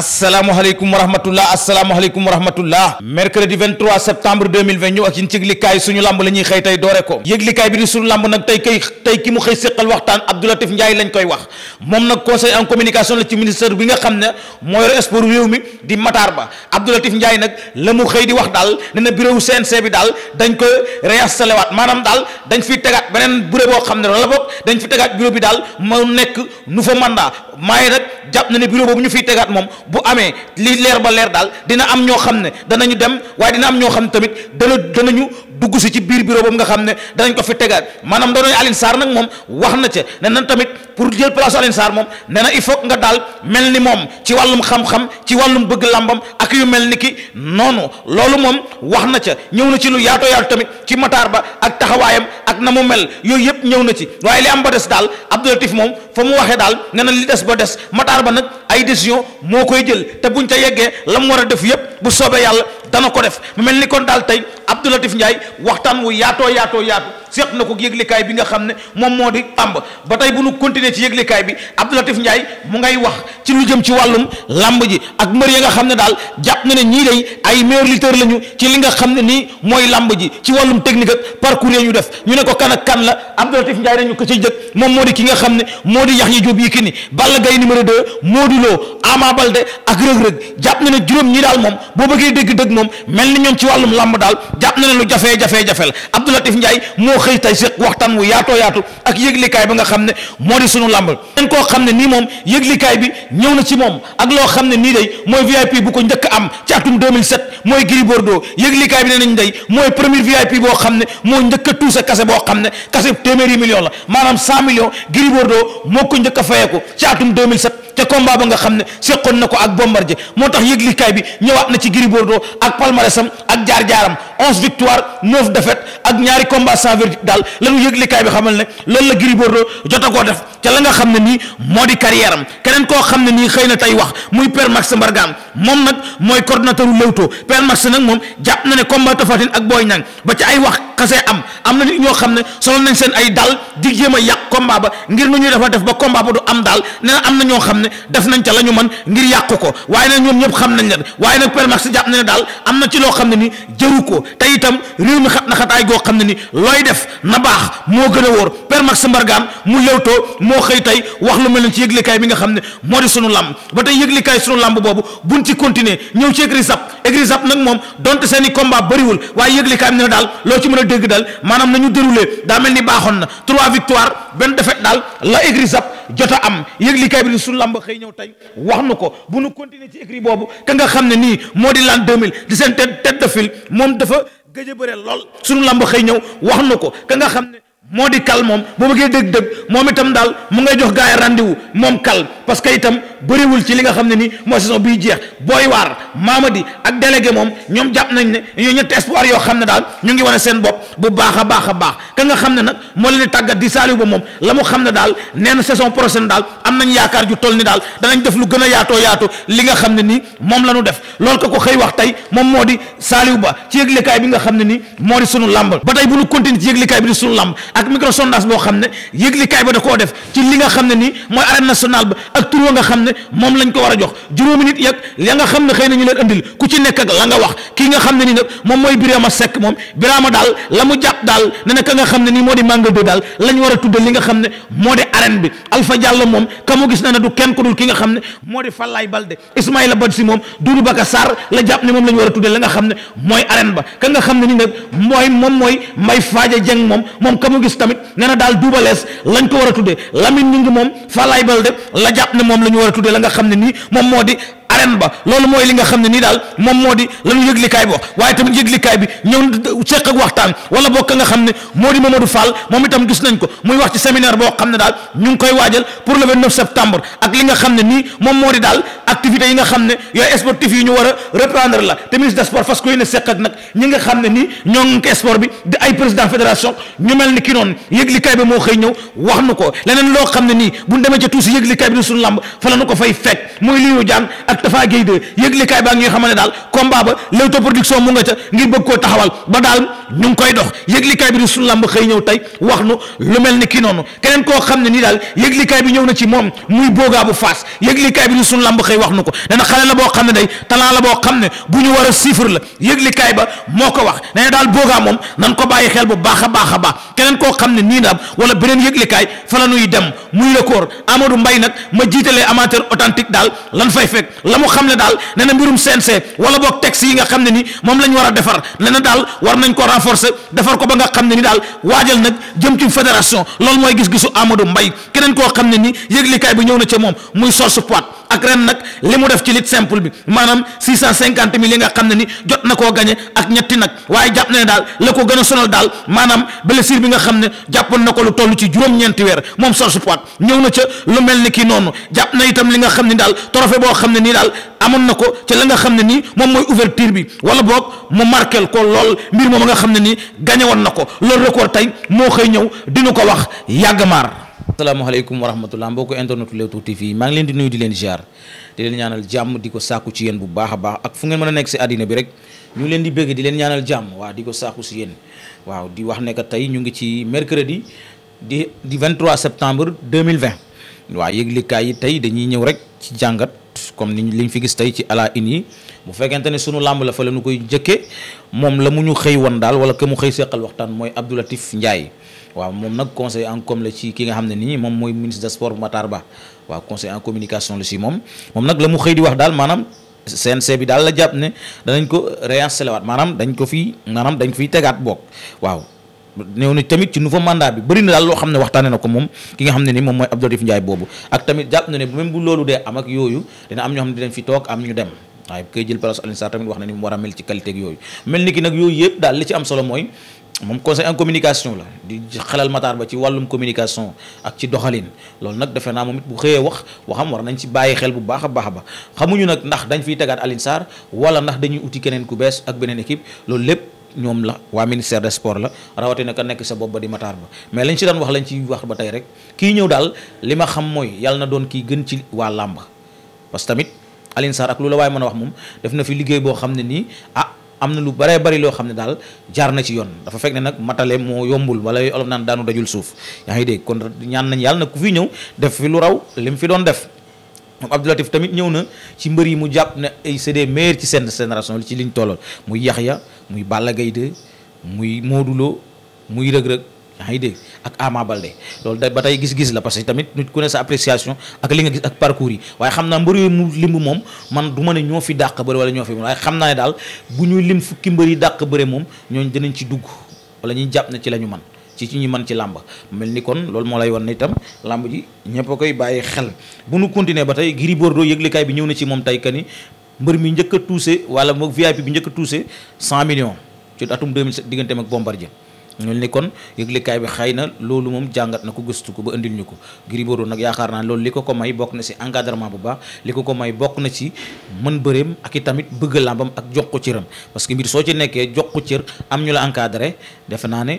asalaamaaleykum wa rahmatullah asalaamaaleykum wa rahmatullah mercredi 23 septembre 2020 ñu ak yin yëglikaay suñu lamb la ñuy xëy tey doore ko yëglikaay bi di suñu lamb nag tey kay tey ki mu xëy séqal waxtaan Abdou Latif Ndiaye lañ koy wax moom nag conseil en communication la ci ministère bi nga xam ne moo yor sport réew mi di Matar Ba Abdou Latif Ndiaye nag la mu xëy di wax daal ne na bureau CNC bi daal dañ koy réinstallé waat maanaam daal dañ fiy tegaat beneen bureau boo xam ne la bokk dañ fi bi daal moo nekk nu fa mandat maaye nag jàpp na ne bureau boobu ñu fiy tegaat moom bu amee lii leer ba leer daal dina am ñoo xam ne danañu dem waaye dina am ñoo xam ne tamit dana danañu dugg si ci biir bureau boobu nga xam ne danañ ko fi tegaat maanaam danoy Alioune Sarr nag moom wax na ca ne nan tamit pour jël place Alioune Sarr moom ne na il faut nga daal mel ni moom ci wàllum xam-xam ci wàllum bëgg làmbam ak yu mel ni ki noonu loolu moom wax na ca ñëw na ci lu yaatoo yaatu tamit ci Matar Ba ak taxawaayam ak na mu mel yooyu yëpp ñëw na ci waaye li am ba des daal Abdou Latif moom fa mu waxee daal ne na li des ba des Matar Ba nag ay décision moo koy jël te buñ ca yeggee la mu war a def yëpp bu soobee yàlla dana ko def mu mel ni kon daal tey Abdou Latif Ndiaye waxtaan wu yaatoo yaatoo yaatu seq na ko yëglikaay bi nga xam ne moom moo di làmb ba tey bu nu continuer ci yëglikaay bi Abdoulatif njaay mu ngay wax ci lu jëm ci wàllum làmb ji ak mbër ya nga xam ne daal jàpp na ne ñii ay meilleur lutteur la ñu ci li nga xam ne nii mooy làmb ji ci wàllum technique ak parcours ya ñu def ñu ne ko kan kan la Abdoulatif Ndiaye nañu ko ci jëkk moom moo di ki nga xam ne moo di Yaxya Jóob Yékini Balla Gaye numéro 2 Modou Lo Ama Baldé ak Reug Reug jàpp na ne juróom ñi daal moom boo bëggee dégg dëgg moom ni ñoom ci wàllum làmb daal jàpp na ne lu jafee jafee jafe la Abdoulatif Ndiaye ñoo xëy tay séq waxtaan wu yaato yaatu ak yëglikaay bi nga xam ne moo di sunu làmb leen koo xam ne nii moom yëglikaay bi ñëw na ci moom ak loo xam ne nii day mooy VIP bu ko njëkk am ci atum 2007 mooy Gris Bordeaux yëglikaay bi ne nañ day mooy premier VIP boo xam ne moo njëkk a tuuse kase boo xam ne kase téeméeri million la maanaam 100 millions Gris Bordeaux moo ko njëkk a fayeeku ci atum 2007 ca combat ba nga xam ne seqoon na ko ak Bombardier moo tax likaay bi ñëwaat na ci Gris Bordeaux ak palmarèsam ak jaar-jaaram onze victoire neuf défaites ak ñaari combat sans verdict daal lañu yëglikaay bi xamal ne loolu la Gris Bordeaux jot koo def ca la nga xam ne nii moo di carrière am keneen koo xam ne nii xëy na tey wax muy Père Max Mbargane moom nag mooy coordonnateur u Leewtoo Père Max nag moom jàpp na ne combat Tapha Tine ak Boy Niang ba ci ay wax xasee am am na nit ñoo xam ne solo nañ seen ay dal di jéem a yàq combat ba ngir nu ñuy dafa def ba combat ba du am daal ne def nañ ca la ñu mën ngir yàq ko waaye nag ñoom ñëpp xam nañ na ne daal am na ci loo xam ne ni jëru ko te itam réew mi xat na xataay goo xam ne ni looy def na baax moo gën a wóor permax mbargaan mu Leewtoo moo xëy tey wax lu mel ne ci yëglekaay bi nga xam ne moo di sunu làmb ba tey yëglekaay sunu làmb boobu buñ ci continuer ñëw ci écrit sap écrit sap nag moom donte seen i combat bëriwul waaye yëglekaay bi ne daal loo ci mën a dégg daal maanaam nañu déroulé daa mel ni baaxoon na trois victoire benn défaite jot a am yëglikaay bi di suñu làmb xëy ñëw tey wax nu ko bu nu continuer ci écrit boobu ka nga xam ne nii moo di l'an 2000 di seen tête tête de file moom dafa gëj a bëre lool suñu làmb xëy ñëw wax nu ko ka nga xam ne moo di kal moom bu bëggee dëgg-dëgg moom itam daal mu ngay jox gaay yi rendez moom kal parce que itam bëriwul ci li nga xam ne ni mooy saison biy jeex booy waar Mamadi ak délégué moom ñoom jàpp nañ ne ñoo ñetti espoir yoo xam ne daal ñu ngi wane seen bopp bu baax a baax a baax ka nga xam ne nag moo leen tàggat di saaliw ba moom la mu xam ne daal nee na saison prochaine daal am nañ yaakaar ju toll ni daal danañ def lu gën a yaatoo yaatu li nga xam ne nii moom la ñu def loolu ko ko xëy wax tey moom moo di saaliw ba ci yëglekaay bi nga xam ne nii moo di sunu làmb ba tey bu ñu continuer ci yëglekaay bi di sunu làmb ak micro xam ne yëglekaay ba koo def ci li nga xam ne nii moo arène ba ak tur wa nga xam ne moom lañ ko war a jox juróomi nit yag ya nga xam ne xëy na leen andil ku ci nekk la nga wax kii nga xam ne nii nag moom mooy Birama Seck moom Birama daal la mu jàpp daal na ka moo di màngal do daal lañ war a tuddal xam ne moo di arène bi Alpha Diallo moom ka mu gis na ne du kenn ku dul ki nga xam ne moo di Fallaye Balde Ismaïla Badji moom Doudou Baka Sarr la jàpp ne moom la ñu a xam ne mooy arène ba ka xam ne nii nag mooy moom mooy Mbaye Fadja Dieng moom moom ka mu gis tamit ne na daal duubalees lañ ko war a tuddee Lamine Ning moom Fallaye Balde la jàpp jàpp ne moom la ñu war a tuddee la nga xam ne nii moom moo di arène ba loolu mooy li nga xam ne nii daal moom moo di la ñu yëglikaay bi wax waaye tamit yëglikaay bi ñëw seq ak waxtaan wala bokk nga xam ne moo di Mamadou Fall moom itam gis nañ ko muy wax ci séminaire boo xam ne daal ñu ngi koy waajal pour le 29 septembre ak li nga xam ne nii moom moo di daal activités yi nga xam ne yooyu sportif yi ñu war a reprendre la te ministre des sports fas ko yéene seq ak nag ñi nga xam ne nii ñoo ngi sport bi mel ni ki noonu yëglikaay moo xëy ñëw wax ko leneen loo xam ne nii buñ demee ca tuusi yëglikaay bi di ak Tafa Gueye de yëgle kaay baa ngi xamal ne daal combat ba Leewtoo production mu nga ca ngir bëgg koo taxawal ba daal ñu ngi koy dox yëglikaay bi di sunu làmb xëy ñëw tey wax nu lu mel ni kii noonu keneen koo xam ne nii daal yëglikaay bi ñëw na ci moom muy boogaa bu faas yëglikaay bi di sunu làmb xëy wax nu ko dana xale la boo xam ne day talent la boo xam ne bu ñu war a chiffre la yëglikaay ba moo ko wax nee na daal boogaa moom nan ko bàyyi xel bu baax a baax a baax keneen koo xam ne nii daal wala beneen yëglikaay fa la nuy dem muy record Amadou Mbaye nag ma jiitalee amateur authentique daal lan fay fekk la mu xam ne daal nee na mbirum CNC wala boog texte yi nga xam ne ni moom la ñu war a defar nee daal war nañ ko force defar ko ba nga xam ne ni daal waajal nag jëm ci fédération loolu mooy gis-gisu Amadou mbay keneen koo xam ne ni yëglikaay bi ñëw na ca moom muy source poit ak ren nag li mu def ci lit simple bi maanaam six cent cinquante mille yi nga xam ne ni jot na koo gañe ak ñetti nag waaye jàpp na ne daal la ko gën a sonal daal maanaam blessure bi nga xam ne jàppoon na ko lu toll ci juróom-ñeenti weer moom George Poit ñëw na ca lu mel ni kii noonu jàpp na itam li nga xam ne daal trophée boo xam ne nii daal amoon na ko ci la nga xam ne nii moom mooy ouverture bi wala boog mu markel ko lool mbir moom nga xam ne nii gañe na ko loolu record tey moo xëy ñëw dinu ko wax yàgg asalaamaaleykum wa rahmatulah mbokk internetu Leewtoo TV maa ngi leen di nuyu di leen ziar di leen ñaanal jàmm di ko sàkku ci yéen bu baax a baax ak fu ngeen mën a nekk si àddina bi rek ñu ngi leen di bëgg di leen ñaanal jàmm waaw di ko sàkku si yéen waaw di wax ne que tey ñu ngi ci mercredi di di 23 septembre 2020 waaw yëglikaay yi tey dañuy ñëw rek ci jàngat comme ni liñ fi gis tey ci ala in yi bu fekkente ne sunu làmb la fa la ñu koy jëkkee moom la mu ñu xëy woon daal wala que mu xëy seqal waxtaan mooy Abdoulatif Ndiaye waaw moom nag conseil en com la ci ki nga xam ne nii moom mooy ministre des sports Matar Ba waaw conseil en communication la ci moom moom nag la mu xëy di wax daal maanaam CNC bi daal la jàpp ne danañ ko réinstallé waat maanaam dañ ko fi maanaam dañ ko fiy tegaat boog waaw néew na tamit ci nouveau mandat bi bëri na daal loo xam ne waxtaane na ko moom ki nga xam ne ni moom mooy Abdou Latif Ndiaye boobu ak tamit jàpp na ne même bu loolu dee am ak yooyu dina am ñu dem waaye koy wax na a mel ci qualité ak yooyu mel yooyu yëpp daal li ci am solo moom conseil en communication la di xelal Matar Ba ci wàllum communication ak ci doxalin loolu nag defe naa moom it bu xëyee wax waxam war nañ ci bàyyi xel bu baax a baax ba xamuñu nag ndax dañ fiy tegaat Alioune Sarr wala ndax dañuy uti keneen ku bees ak beneen équipe loolu lépp ñoom la waa ministère des sports la rawatina ka nekk sa bopp ba di Matar Ba mais lañ si daan wax lañ ci wax ba tey rek kii ñëw daal li ma xam mooy yal na doon kii gën ci waa làmb parce que tamit Alioune Sarr ak lu la waaye mën a wax na fi liggéey boo xam ne nii ah, am na lu bare bari loo xam ne daal jaar na ci yoon dafa fekk ne nag matale moo yombul wala olof naan daanu dajul suuf yaa ngi dégg kon ñaan nañ yàlla na ku fi ñëw def fi lu raw lim fi doon def moom Abdoulatif tamit ñëw na ci mbër yi mu jàpp ne ay c'est des meilleurs ci seen génération li ci liñ tolloon muy yax ya muy Balla Gaye muy Modou muy Reug Reug yaa ngi dégg ak Ama Baldé loolu da ba tey gis-gis la parce que tamit nit ku ne sa appréciation ak li nga gis ak parcours yi waaye xam naa mbër yi mu lim moom man du ma ne ñoo fi dàq bëre wala ñoo fi waaye xam naa daal bu ñuy lim fukki mbër yi dàq bëre moom ñooñu dinañ ci dugg wala ñuy jàpp ne ci la ñu man ci ci ñu man ci làmb mel ni kon loolu moo lay wan itam làmb ji ñëpp koy bàyyi xel bu nu continuer ba tey Gris Bordeaux yëglikaay bi ñëw na ci moom tey que ni mbër mi njëkk a touché wala moom VIP bi njëkk a cent 100 millions ci atum 2007 digganteem ak Bombardier ñu ni kon yëglekaay bi xay na loolu moom jàngat na ko gëstu ko ba indil ñu ko Gris Bordeaux nag yaakaar naa loolu li ko ko may bokk na ci encadrement bu baax li ko ko may bokk na ci man bëreem ak i tamit bëgg làmbam ak jox ko cëram parce que mbir soo ci nekkee jox ko cër am ñu la encadré defe naa ne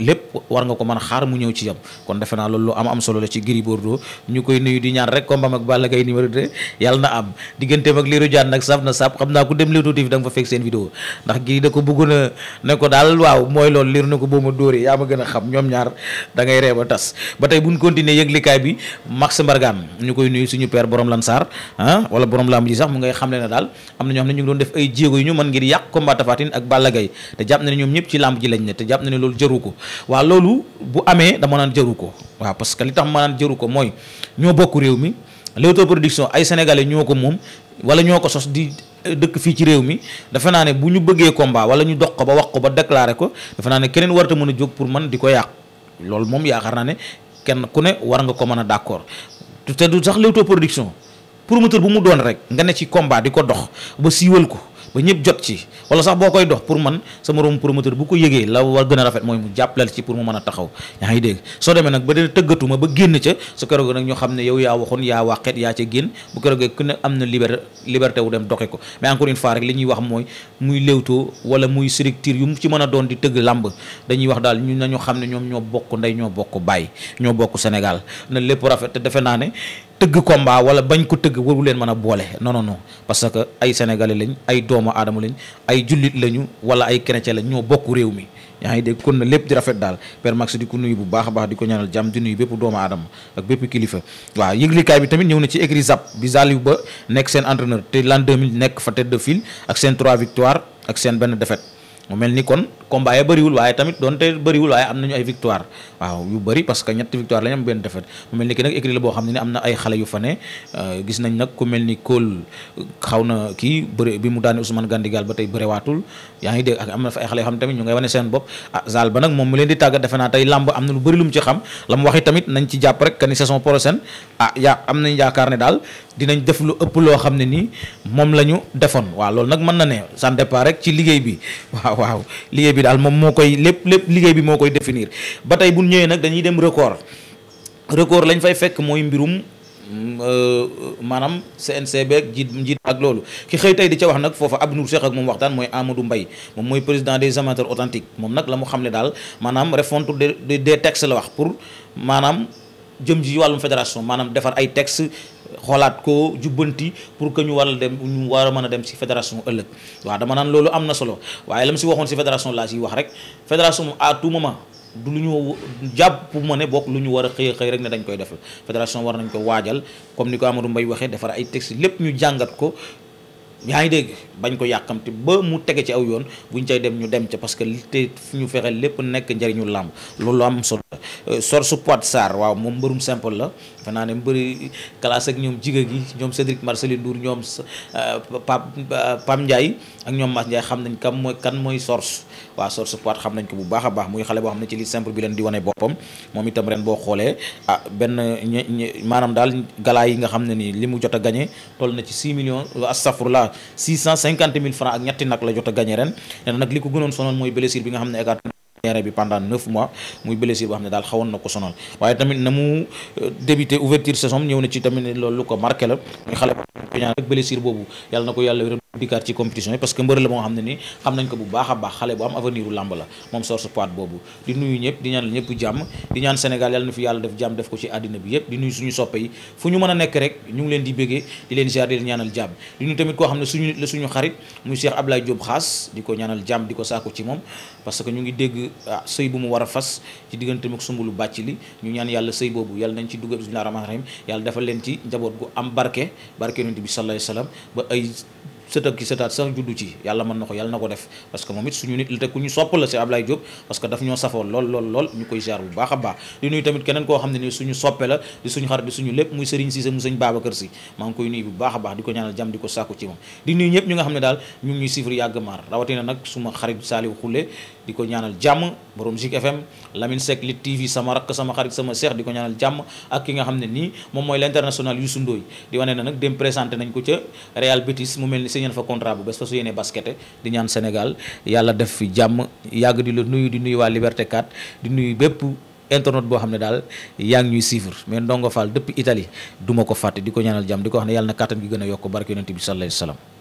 lépp war nga ko mën a xaar mu ñëw ci jam kon defe naa loolu lu am am solo la ci Gris Bordeaux ñu koy nuyu di ñaan rek combat ak Balla Gaye numéro 2 yàlla na am digganteem ak Lirou Diane nag saf na sap xam naa ku dem Leewtoo TV da nga fa fekk seen vidéo ndax da ko bëggoon a ne ko daal waaw mooy loolu Lirou ne ko boo ma dóoree yaa ma gën a xam ñoom ñaar da ngay ree ba tas ba tey buñ continuer yëglikaay bi Max Mbargane ñu koy nuyu suñu père borom Lansar ah wala borom lamb ji sax mu xam le ne daal am na ñoo ñu doon def ay jéego yu ñu mën ngir yàq combat ak Balla Gaye te jàpp na ne ñoom ñëpp ci lamb ji lañ ne te jàpp na ne loolu jëru ko waaw loolu bu amee dama naan jëru ko waaw parce que li tax ma naan jëru ko mooy ñoo bokk réew mi l'autoproduction ay sénégalais ñoo ko moom wala ñoo ko sos di eh, dëkk fii ci réew mi dafa naa ne bu ñu bëggee combat wala ñu dox ko ba wax ko ba déclarer ko dafa naa ne keneen war a mën a jóg pour man di ko yàq loolu moom yaakaar naa ne kenn ku ne war nga ko mën a d'accord te du sax pour promoteur bu mu doon rek nga ne ci combat di ko dox ba siiwal ko. ba ñëpp jot ci wala sax boo koy dox pour man sa moroom promoteur bu ko yëgee la war gën a rafet mooy mu jàppale ci pour mu mën a taxaw ñaa ngi dégg soo demee nag ba dee tëggatuma ba génn ca su keroog nag ñoo xam ne yow yaa waxoon yaa waxeet yaa ca génn bu keroogee ku ne am na liberté liberté wu dem doxe ko mais encore une fois rek li ñuy wax mooy muy léewtoo wala muy structure yu mu ci mën a doon di tëgg làmb dañuy wax daal ñu nañu xam ne ñoom ñoo bokk ndey ñoo bokk bàyyi ñoo bokk Sénégal na lépp rafet te defe naa ne tëgg combat wala bañ ko tëgg waru leen mën a boole non non parce que ay sénégalais lañ ay doomu aadama lañ ay jullit lañu wala ay chrétien lañ ñoo bokk réew mi yaa ngi dégg kon na lépp di rafet daal Père Max di ko nuyu bu baax a baax di ko ñaanal jam di nuyu bépp doomu aadama ak bépp kilifa waaw yëglikaay bi tamit ñëw na ci écrit zap bi Saliou Ba nekk seen entraîneur te l'an 2000 nekk fa tête de file ak seen trois victoire ak seen benn défaite mu mel ni kon combat ya bëriwul waaye tamit doonte bëriwul waaye am nañu ay victoire waaw yu bari parce que ñetti victoire lañ am benn defet mu mel ni ki nag écrit la boo xam ni am na ay xale yu fa ne euh, nañ nag ku mel ni Kool xaw na kii bëri bi mu daane Ousmane Gandigal ba tey bëriwaatul yaa ngi dégg ak am na fa ay xale yoo xam tamit ñu ngay wane seen bopp ah Zal ba nag moom mu leen di tàggat defe naa tey làmb am na lu bëri lu mu ci xam la mu waxi tamit nañ ci jàpp rek que ni saison prochaine ah yaa am nañ yaakaar ne daal dinañ def lu ëpp loo xam ne nii moom la ñu defoon waaw loolu nag mën na ne ça rek ci liggéey bi waaw waaw liggéey bi daal moom moo koy lépp lépp liggéey bi moo koy définir ba tey bu ñëwee nag dañuy dem record record lañ fay fekk mooy mbirum euh, maanaam CNC beeg jiit njiit ak loolu ki xëy tey di ca wax nag foofa ab nu Cheikh ak moom waxtaan mooy Amadou mbay moom mooy président des amateurs authentiques moom nag la mu xam ne daal maanaam refonte des textes la wax pour maanaam. jëm ci wàllum fédération maanaam defar ay texte xolaat ko jubbanti pour que ñu war a dem ñu war a mën a dem si fédération ëllëg waa dama naan loolu am na solo waaye la mu ci waxoon si fédération laa siy wax rek fédération moom à tout moment du lu ñu jàpp ma ne bokk lu ñu war a xëyee xëy rek ne dañ koy def fédération war nañ ko waajal comme ni ko Amadou Mbaye waxee defar ay texte lépp ñu jàngat ko yaa ngi dégg bañ ko yàkkamti ba mu tege ci aw yoon buñ cay dem ñu dem ca parce que li te ñu fexe lépp nekk njëriñu làmb loolu am solo euh, Sorsu Poit Sarr waaw moom mbërum simple la defe naa ne mbëri classe ak ñoom jiga gi ñoom Cédric Marcelin Ndour ñoom euh, Pape Pape Ndiaye ak ñoom Mas Ndiaye xam nañ kam mooy kan mooy Sorsu waaw Sorsu Poit xam nañ ko bu baax a baax muy xale boo xam ne ci li simple bi leen di wane boppam moom itam ren boo xoolee ah benn maanaam daal galaa yi nga xam ne nii li mu jot a gagné toll na ci 6 millions 650 000 francs ak ñetti nag la jot a gagné ren nag li ko gënoon sonal mooy blessure bi nga xam ne écarté terrain bi pendant neuf mois muy blessure boo xam ne daal xawoon na ko sonal waaye tamit na mu euh, débuté ouverture saison ñëw na ci tamit loolu lu ko marqué la muy xale bu ñaan rek blessure boobu yàlla na ko yàlla dikkaat ci compétition yi parce que mbër la moo xam ne ni xam nañ ko bu baax a baax xale bu am avenir u làmb la moom source poids boobu di nuyu ñëpp di ñaan ñëpp jàmm di ñaan Sénégal yàlla na fi yàlla def jàmm def ko ci àddina bi yëpp di nuyu suñu soppe yi fu ñu mën a nekk rek ñu ngi leen di béggee di leen ziar di ñaanal jàmm di nuyu tamit koo xam ne suñu la suñu xarit muy Cheikh Ablaye Diop xaas di ko ñaanal jàmm di ko saako ci moom parce que ñu ngi dégg ah, sëy bu mu war a fas ci diggante mag sumbulu bàcc li ñu ñaan yàlla sëy boobu yàlla nañ ci dugg bismillah rahmaan rahim yàlla dafa leen ci njaboot gu am barke barke yonent bi sallallahu alayhi wasallam ba ay sëtaat ki sëtaat sax juddu ci yàlla mën na ko yàlla na ko def parce que moom it suñu nit la te ku ñu sopp la si Ablaye Diop parce que daf ñoo safoon lool lool ñu koy ziar bu baax a baax di nuyu tamit keneen koo xam ne ni suñu soppe la di suñu xarit di suñu lépp muy Serigne Cissé mu sëñ Babacar Sy maa ngi koy nuyu bu baax a baax di ko ñaanal jàmm di ko sàkku ci moom di nuyu ñëpp ñu nga xam ne daal ñu ngi ñuy sifri yàgg maar rawatina nag suma xarit di ko ñaanal jàmm borom Zik FM Lamine Seck Lit TV sama rakk sama xarit sama seex di ko ñaanal jàmm ak ki nga xam ne nii moom mooy l'international Youssou Ndoye di wane na nag dem présenté nañ ko ca Real Betis mu mel ni signé fa contrat bu bees fa su yéenee basket di ñaan Sénégal yàlla def fi jàmm yàgg di la nuyu di nuyu waa Liberté 4 di nuyu bépp internet boo xam ne daal yaa ngi ñuy suivre mais Ndongo Fall depuis Italie duma ko fàtte di ko ñaanal yokk barke yonent bi sallallahu alayhi